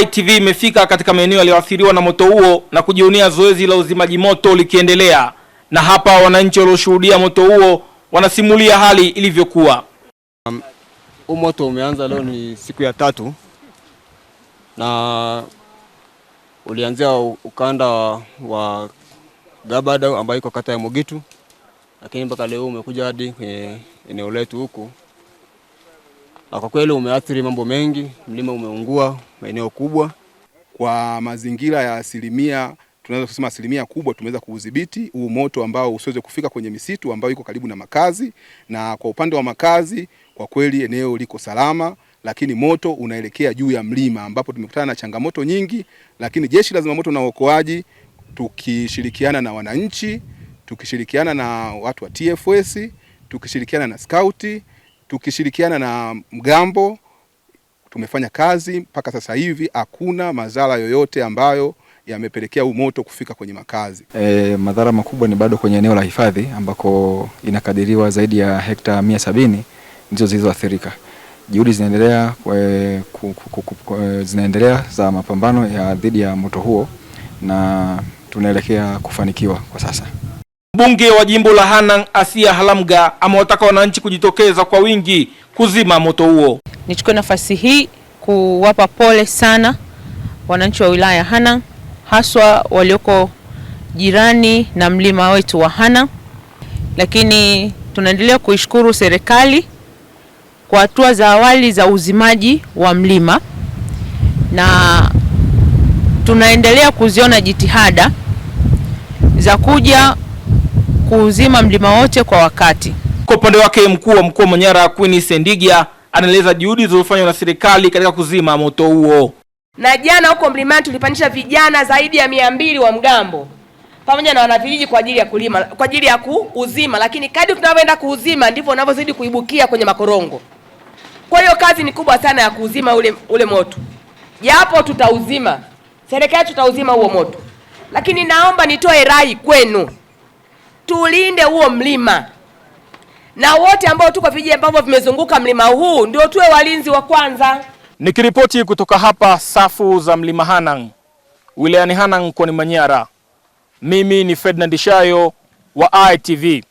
Hai TV imefika katika maeneo yaliyoathiriwa na moto huo na kujionea zoezi la uzimaji moto likiendelea, na hapa wananchi walioshuhudia moto huo wanasimulia hali ilivyokuwa. Um, huu moto umeanza leo, ni siku ya tatu, na ulianzia ukanda wa Gabada ambayo iko kata ya mogitu lakini mpaka leo umekuja hadi kwenye eh, eneo letu huku Ah, kwa kweli umeathiri mambo mengi, mlima umeungua maeneo kubwa. Kwa mazingira ya asilimia tunaweza kusema asilimia kubwa tumeweza kuudhibiti huu moto ambao usiweze kufika kwenye misitu ambayo iko karibu na makazi, na kwa upande wa makazi kwa kweli eneo liko salama, lakini moto unaelekea juu ya mlima ambapo tumekutana na changamoto nyingi, lakini Jeshi la Zimamoto na Uokoaji tukishirikiana na wananchi, tukishirikiana na watu wa TFS, tukishirikiana na skauti tukishirikiana na mgambo tumefanya kazi mpaka sasa hivi, hakuna madhara yoyote ambayo yamepelekea huu moto kufika kwenye makazi. E, madhara makubwa ni bado kwenye eneo la hifadhi ambako inakadiriwa zaidi ya hekta mia sabini ndizo zilizoathirika. Juhudi zinaendelea e, e, zinaendelea za mapambano ya dhidi ya moto huo na tunaelekea kufanikiwa kwa sasa. Mbunge wa jimbo la Hanang' Asia Halamga amewataka wananchi kujitokeza kwa wingi kuzima moto huo. Nichukue nafasi hii kuwapa pole sana wananchi wa wilaya ya Hanang' haswa walioko jirani na mlima wetu wa Hanang', lakini tunaendelea kuishukuru serikali kwa hatua za awali za uzimaji wa mlima na tunaendelea kuziona jitihada za kuja kuuzima mlima wote kwa wakati. Kwa upande wake mkuu wa mkoa wa Manyara Queen Sendigia anaeleza juhudi zilizofanywa na serikali katika kuzima moto huo. Na jana huko mlimani tulipandisha vijana zaidi ya mia mbili wa mgambo pamoja na wanavijiji kwa ajili ya kulima, kwa ajili ya kuuzima, lakini kadri tunavyoenda kuuzima ndivyo unavyozidi kuibukia kwenye makorongo. Kwa hiyo kazi ni kubwa sana ya kuuzima ule ule moto, japo tutauzima, serikali tutauzima huo moto, lakini naomba nitoe rai kwenu tulinde huo mlima na wote ambao tuko vijiji ambavyo vimezunguka mlima huu ndio tuwe walinzi wa kwanza. Nikiripoti kutoka hapa safu za mlima Hanang wilayani Hanang ni Manyara, mimi ni Ferdinand Shayo wa ITV.